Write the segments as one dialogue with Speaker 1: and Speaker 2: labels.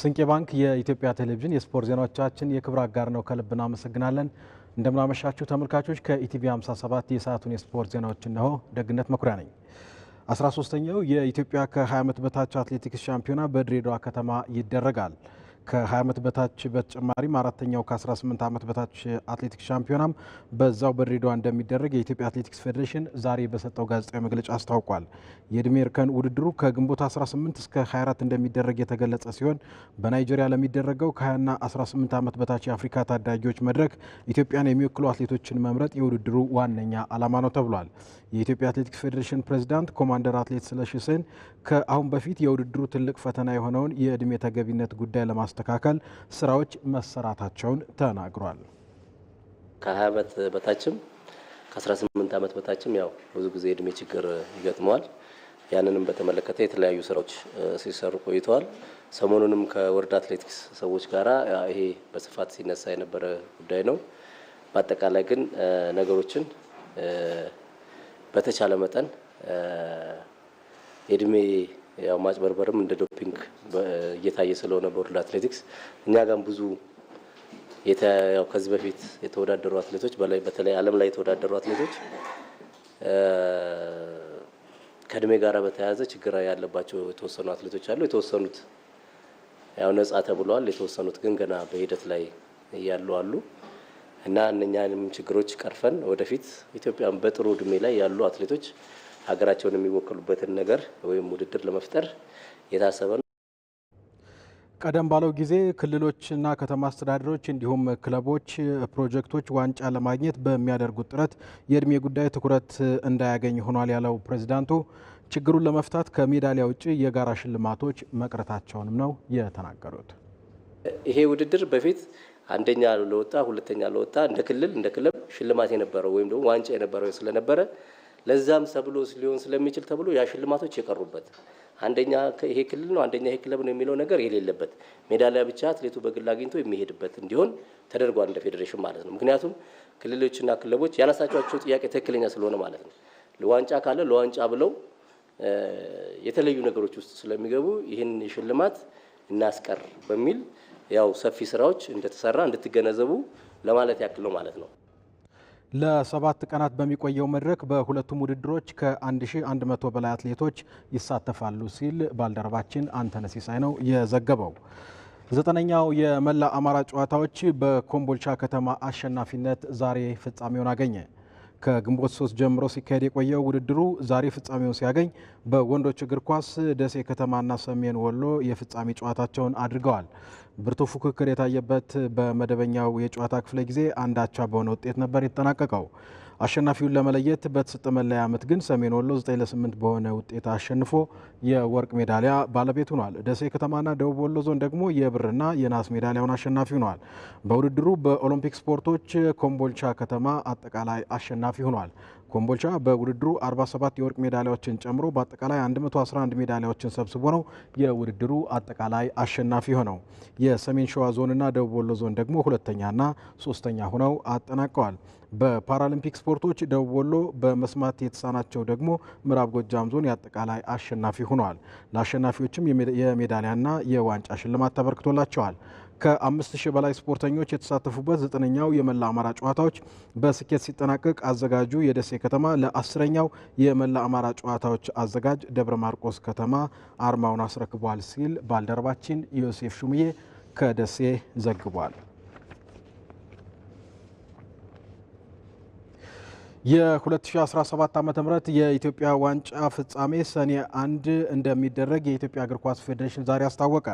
Speaker 1: ስንቄ ባንክ የኢትዮጵያ ቴሌቪዥን የስፖርት ዜናዎቻችን የክብር አጋር ነው። ከልብ እናመሰግናለን። እንደምናመሻችሁ ተመልካቾች፣ ከኢቲቪ 57 የሰዓቱን የስፖርት ዜናዎች እነሆ። ደግነት መኩሪያ ነኝ። 13ኛው የኢትዮጵያ ከ20 ዓመት በታች አትሌቲክስ ሻምፒዮና በድሬዳዋ ከተማ ይደረጋል። ከ20 ዓመት በታች በተጨማሪም አራተኛው ከ18 ዓመት በታች አትሌቲክስ ሻምፒዮናም በዛው በድሬዳዋ እንደሚደረግ የኢትዮጵያ አትሌቲክስ ፌዴሬሽን ዛሬ በሰጠው ጋዜጣዊ መግለጫ አስታውቋል። የእድሜ እርከን ውድድሩ ከግንቦት 18 እስከ 24 እንደሚደረግ የተገለጸ ሲሆን በናይጄሪያ ለሚደረገው ከ20ና 18 ዓመት በታች የአፍሪካ ታዳጊዎች መድረክ ኢትዮጵያን የሚወክሉ አትሌቶችን መምረጥ የውድድሩ ዋነኛ ዓላማ ነው ተብሏል። የኢትዮጵያ አትሌቲክስ ፌዴሬሽን ፕሬዝዳንት ኮማንደር አትሌት ስለሺ ሁሴን ከአሁን በፊት የውድድሩ ትልቅ ፈተና የሆነውን የእድሜ ተገቢነት ጉዳይ ለማስታ ለማስተካከል ስራዎች መሰራታቸውን ተናግሯል።
Speaker 2: ከ20 ዓመት በታችም ከ18 ዓመት በታችም ያው ብዙ ጊዜ እድሜ ችግር ይገጥመዋል። ያንንም በተመለከተ የተለያዩ ስራዎች ሲሰሩ ቆይተዋል። ሰሞኑንም ከወርድ አትሌቲክስ ሰዎች ጋራ ይሄ በስፋት ሲነሳ የነበረ ጉዳይ ነው። በአጠቃላይ ግን ነገሮችን በተቻለ መጠን የእድሜ ያው ማጭበርበርም እንደ ዶፒንግ እየታየ ስለሆነ በወርልድ አትሌቲክስ እኛ ጋም ብዙ ከዚህ በፊት የተወዳደሩ አትሌቶች በተለይ ዓለም ላይ የተወዳደሩ አትሌቶች ከእድሜ ጋር በተያያዘ ችግር ያለባቸው የተወሰኑ አትሌቶች አሉ። የተወሰኑት ያው ነጻ ተብለዋል። የተወሰኑት ግን ገና በሂደት ላይ እያሉ አሉ እና እነኛንም ችግሮች ቀርፈን ወደፊት ኢትዮጵያን በጥሩ እድሜ ላይ ያሉ አትሌቶች ሀገራቸውን የሚወከሉበትን ነገር ወይም ውድድር ለመፍጠር የታሰበ ነው።
Speaker 1: ቀደም ባለው ጊዜ ክልሎችና ከተማ አስተዳደሮች እንዲሁም ክለቦች ፕሮጀክቶች ዋንጫ ለማግኘት በሚያደርጉት ጥረት የእድሜ ጉዳይ ትኩረት እንዳያገኝ ሆኗል ያለው ፕሬዚዳንቱ ችግሩን ለመፍታት ከሜዳሊያ ውጭ የጋራ ሽልማቶች መቅረታቸውንም ነው የተናገሩት።
Speaker 2: ይሄ ውድድር በፊት አንደኛ ለወጣ፣ ሁለተኛ ለወጣ እንደ ክልል እንደ ክለብ ሽልማት የነበረው ወይም ደግሞ ዋንጫ የነበረው ስለነበረ ለዛም ሰብሎ ሊሆን ስለሚችል ተብሎ ያ ሽልማቶች የቀሩበት አንደኛ ይሄ ክልል ነው፣ አንደኛ ይሄ ክለብ ነው የሚለው ነገር የሌለበት ሜዳሊያ ብቻ አትሌቱ በግል አግኝቶ የሚሄድበት እንዲሆን ተደርጓል፣ እንደ ፌዴሬሽን ማለት ነው። ምክንያቱም ክልሎችና ክለቦች ያነሳቸው ጥያቄ ትክክለኛ ስለሆነ ማለት ነው። ለዋንጫ ካለ ለዋንጫ ብለው የተለዩ ነገሮች ውስጥ ስለሚገቡ ይህን ሽልማት እናስቀር በሚል ያው ሰፊ ስራዎች እንደተሰራ እንድትገነዘቡ ለማለት ያክል ነው ማለት ነው።
Speaker 1: ለሰባት ቀናት በሚቆየው መድረክ በሁለቱም ውድድሮች ከ1100 በላይ አትሌቶች ይሳተፋሉ ሲል ባልደረባችን አንተነ ሲሳይ ነው የዘገበው። ዘጠነኛው የመላ አማራ ጨዋታዎች በኮምቦልቻ ከተማ አሸናፊነት ዛሬ ፍጻሜውን አገኘ። ከግንቦት ሶስት ጀምሮ ሲካሄድ የቆየው ውድድሩ ዛሬ ፍጻሜውን ሲያገኝ በወንዶች እግር ኳስ ደሴ ከተማና ሰሜን ወሎ የፍጻሜ ጨዋታቸውን አድርገዋል። ብርቱ ፉክክር የታየበት በመደበኛው የጨዋታ ክፍለ ጊዜ አንዳቻ በሆነ ውጤት ነበር የተጠናቀቀው። አሸናፊውን ለመለየት በተሰጠ መለያ ምት ግን ሰሜን ወሎ 9 ለ8 በሆነ ውጤት አሸንፎ የወርቅ ሜዳሊያ ባለቤት ሆኗል። ደሴ ከተማና ደቡብ ወሎ ዞን ደግሞ የብርና የናስ ሜዳሊያውን አሸናፊ ሆኗል። በውድድሩ በኦሎምፒክ ስፖርቶች ኮምቦልቻ ከተማ አጠቃላይ አሸናፊ ሆኗል። ኮምቦልቻ በውድድሩ 47 የወርቅ ሜዳሊያዎችን ጨምሮ በአጠቃላይ 111 ሜዳሊያዎችን ሰብስቦ ነው የውድድሩ አጠቃላይ አሸናፊ ሆነው። የሰሜን ሸዋ ዞንና ደቡብ ወሎ ዞን ደግሞ ሁለተኛና ሶስተኛ ሆነው አጠናቀዋል። በፓራሊምፒክ ስፖርቶች ደቡብ ወሎ በመስማት የተሳናቸው ደግሞ ምዕራብ ጎጃም ዞን የአጠቃላይ አሸናፊ ሆነዋል። ለአሸናፊዎችም የሜዳሊያና የዋንጫ ሽልማት ተበርክቶላቸዋል። ከአምስት ሺህ በላይ ስፖርተኞች የተሳተፉበት ዘጠነኛው የመላ አማራ ጨዋታዎች በስኬት ሲጠናቀቅ አዘጋጁ የደሴ ከተማ ለአስረኛው የመላ አማራ ጨዋታዎች አዘጋጅ ደብረ ማርቆስ ከተማ አርማውን አስረክቧል ሲል ባልደረባችን ዮሴፍ ሹሙዬ ከደሴ ዘግቧል። የ2017 ዓ ም የኢትዮጵያ ዋንጫ ፍጻሜ ሰኔ አንድ እንደሚደረግ የኢትዮጵያ እግር ኳስ ፌዴሬሽን ዛሬ አስታወቀ።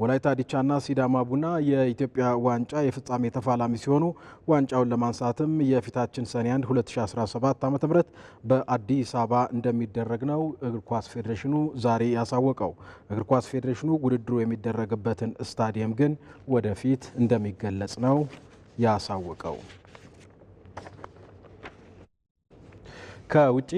Speaker 1: ወላይታ ዲቻና ሲዳማ ቡና የኢትዮጵያ ዋንጫ የፍጻሜ ተፋላሚ ሲሆኑ ዋንጫውን ለማንሳትም የፊታችን ሰኔ 1 2017 ዓ ም በአዲስ አበባ እንደሚደረግ ነው እግር ኳስ ፌዴሬሽኑ ዛሬ ያሳወቀው። እግር ኳስ ፌዴሬሽኑ ውድድሩ የሚደረግበትን ስታዲየም ግን ወደፊት እንደሚገለጽ ነው ያሳወቀው። ከውጪ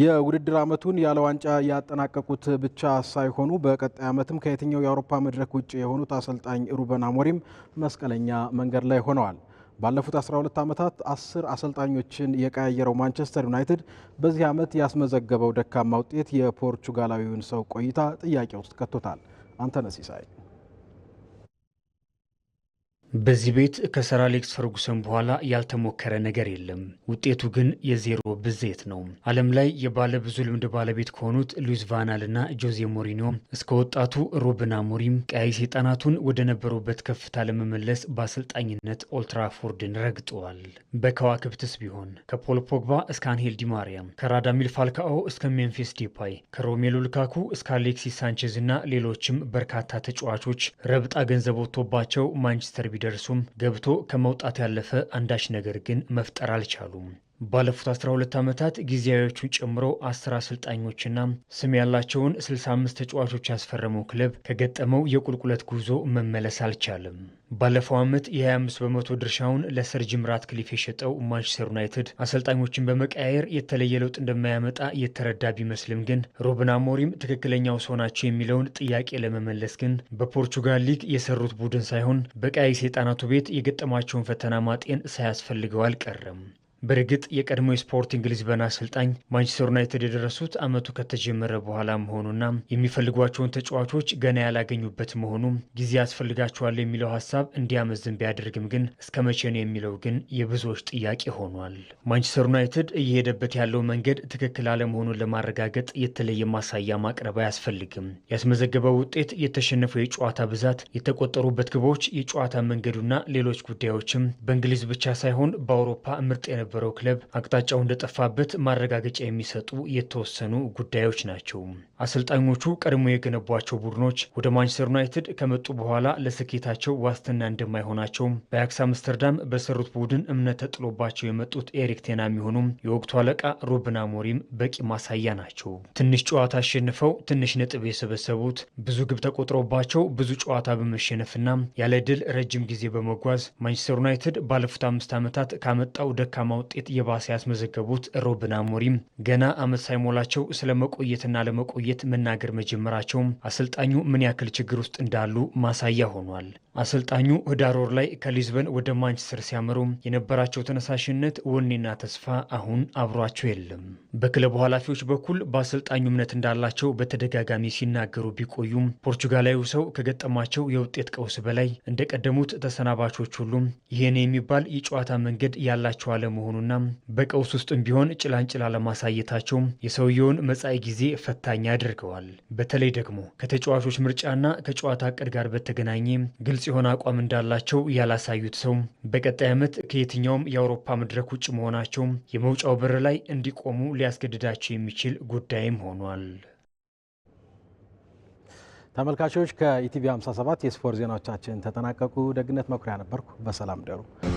Speaker 1: የውድድር ዓመቱን ያለ ዋንጫ ያጠናቀቁት ብቻ ሳይሆኑ በቀጣይ ዓመትም ከየትኛው የአውሮፓ መድረክ ውጭ የሆኑት አሰልጣኝ ሩበን አሞሪም መስቀለኛ መንገድ ላይ ሆነዋል። ባለፉት 12 ዓመታት አስር አሰልጣኞችን የቀያየረው ማንቸስተር ዩናይትድ በዚህ ዓመት ያስመዘገበው ደካማ ውጤት የፖርቹጋላዊውን ሰው ቆይታ ጥያቄ ውስጥ ከቶታል። አንተነህ ሲሳይ
Speaker 3: በዚህ ቤት ከሰር አሌክስ ፈርጉሰን በኋላ ያልተሞከረ ነገር የለም። ውጤቱ ግን የዜሮ ብዜት ነው። ዓለም ላይ የባለ ብዙ ልምድ ባለቤት ከሆኑት ሉዊስ ቫናልና ጆዜ ሞሪኒዮ እስከ ወጣቱ ሩበን አሞሪም ቀያይ ሰይጣናቱን ወደ ነበሩበት ከፍታ ለመመለስ በአሰልጣኝነት ኦልትራፎርድን ረግጠዋል። በከዋክብትስ ቢሆን ከፖል ፖግባ እስከ አንሄል ዲማሪያም፣ ከራዳሚል ፋልካኦ እስከ ሜምፊስ ዴፓይ፣ ከሮሜሎ ልካኩ እስከ አሌክሲስ ሳንቼዝ እና ሌሎችም በርካታ ተጫዋቾች ረብጣ ገንዘብ ወጥቶባቸው ማንቸስተር ቢደርሱም ገብቶ ከመውጣት ያለፈ አንዳች ነገር ግን መፍጠር አልቻሉም። ባለፉት 12 ዓመታት ጊዜያዊዎቹ ጨምሮ አስር አሰልጣኞችና ስም ያላቸውን 65 ተጫዋቾች ያስፈረመው ክለብ ከገጠመው የቁልቁለት ጉዞ መመለስ አልቻለም። ባለፈው ዓመት የ25 በመቶ ድርሻውን ለሰር ጂም ራትክሊፍ የሸጠው ማንቸስተር ዩናይትድ አሰልጣኞችን በመቀያየር የተለየ ለውጥ እንደማያመጣ የተረዳ ቢመስልም ግን ሩበን አሞሪም ትክክለኛው ሰው ናቸው የሚለውን ጥያቄ ለመመለስ ግን በፖርቹጋል ሊግ የሰሩት ቡድን ሳይሆን በቀያይ ሰይጣናቱ ቤት የገጠማቸውን ፈተና ማጤን ሳያስፈልገው አልቀረም። በእርግጥ የቀድሞ የስፖርቲንግ ሊዝበን አሰልጣኝ ማንቸስተር ዩናይትድ የደረሱት ዓመቱ ከተጀመረ በኋላ መሆኑና የሚፈልጓቸውን ተጫዋቾች ገና ያላገኙበት መሆኑ ጊዜ ያስፈልጋቸዋል የሚለው ሀሳብ እንዲያመዝን ቢያደርግም ግን እስከ መቼ ነው የሚለው ግን የብዙዎች ጥያቄ ሆኗል። ማንቸስተር ዩናይትድ እየሄደበት ያለው መንገድ ትክክል አለመሆኑን ለማረጋገጥ የተለየ ማሳያ ማቅረብ አያስፈልግም። ያስመዘገበው ውጤት፣ የተሸነፈው የጨዋታ ብዛት፣ የተቆጠሩበት ግቦች፣ የጨዋታ መንገዱና ሌሎች ጉዳዮችም በእንግሊዝ ብቻ ሳይሆን በአውሮፓ ምርጥ የነበረው ክለብ አቅጣጫው እንደጠፋበት ማረጋገጫ የሚሰጡ የተወሰኑ ጉዳዮች ናቸው። አሰልጣኞቹ ቀድሞ የገነቧቸው ቡድኖች ወደ ማንቸስተር ዩናይትድ ከመጡ በኋላ ለስኬታቸው ዋስትና እንደማይሆናቸውም በአያክስ አምስተርዳም በሰሩት ቡድን እምነት ተጥሎባቸው የመጡት ኤሪክ ቴና የሚሆኑም የወቅቱ አለቃ ሩበን አሞሪም በቂ ማሳያ ናቸው። ትንሽ ጨዋታ አሸንፈው ትንሽ ነጥብ የሰበሰቡት ብዙ ግብ ተቆጥሮባቸው ብዙ ጨዋታ በመሸነፍና ያለ ድል ረጅም ጊዜ በመጓዝ ማንቸስተር ዩናይትድ ባለፉት አምስት ዓመታት ካመጣው ደካማ ውጤት የባሰ ያስመዘገቡት ሩበን አሞሪም ገና አመት ሳይሞላቸው ስለመቆየትና ለመቆየት በማሳየት መናገር መጀመራቸውም አሰልጣኙ ምን ያክል ችግር ውስጥ እንዳሉ ማሳያ ሆኗል። አሰልጣኙ ህዳር ወር ላይ ከሊዝበን ወደ ማንቸስተር ሲያመሩ የነበራቸው ተነሳሽነት፣ ወኔና ተስፋ አሁን አብሯቸው የለም። በክለቡ ኃላፊዎች በኩል በአሰልጣኙ እምነት እንዳላቸው በተደጋጋሚ ሲናገሩ ቢቆዩም ፖርቹጋላዊው ሰው ከገጠማቸው የውጤት ቀውስ በላይ እንደቀደሙት ተሰናባቾች ሁሉም ይህን የሚባል የጨዋታ መንገድ ያላቸው አለመሆኑና በቀውስ ውስጥም ቢሆን ጭላንጭላ ለማሳየታቸው የሰውየውን መጻኢ ጊዜ ፈታኝ አድርገዋል። በተለይ ደግሞ ከተጫዋቾች ምርጫና ከጨዋታ እቅድ ጋር በተገናኘ ግልጽ የሆነ አቋም እንዳላቸው ያላሳዩት ሰው በቀጣይ ዓመት ከየትኛውም የአውሮፓ መድረክ ውጭ መሆናቸው የመውጫው በር ላይ እንዲቆሙ ሊያስገድዳቸው የሚችል ጉዳይም ሆኗል።
Speaker 1: ተመልካቾች ከኢቲቪ 57 የስፖርት ዜናዎቻችን ተጠናቀቁ። ደግነት መኩሪያ ነበርኩ። በሰላም ደሩ።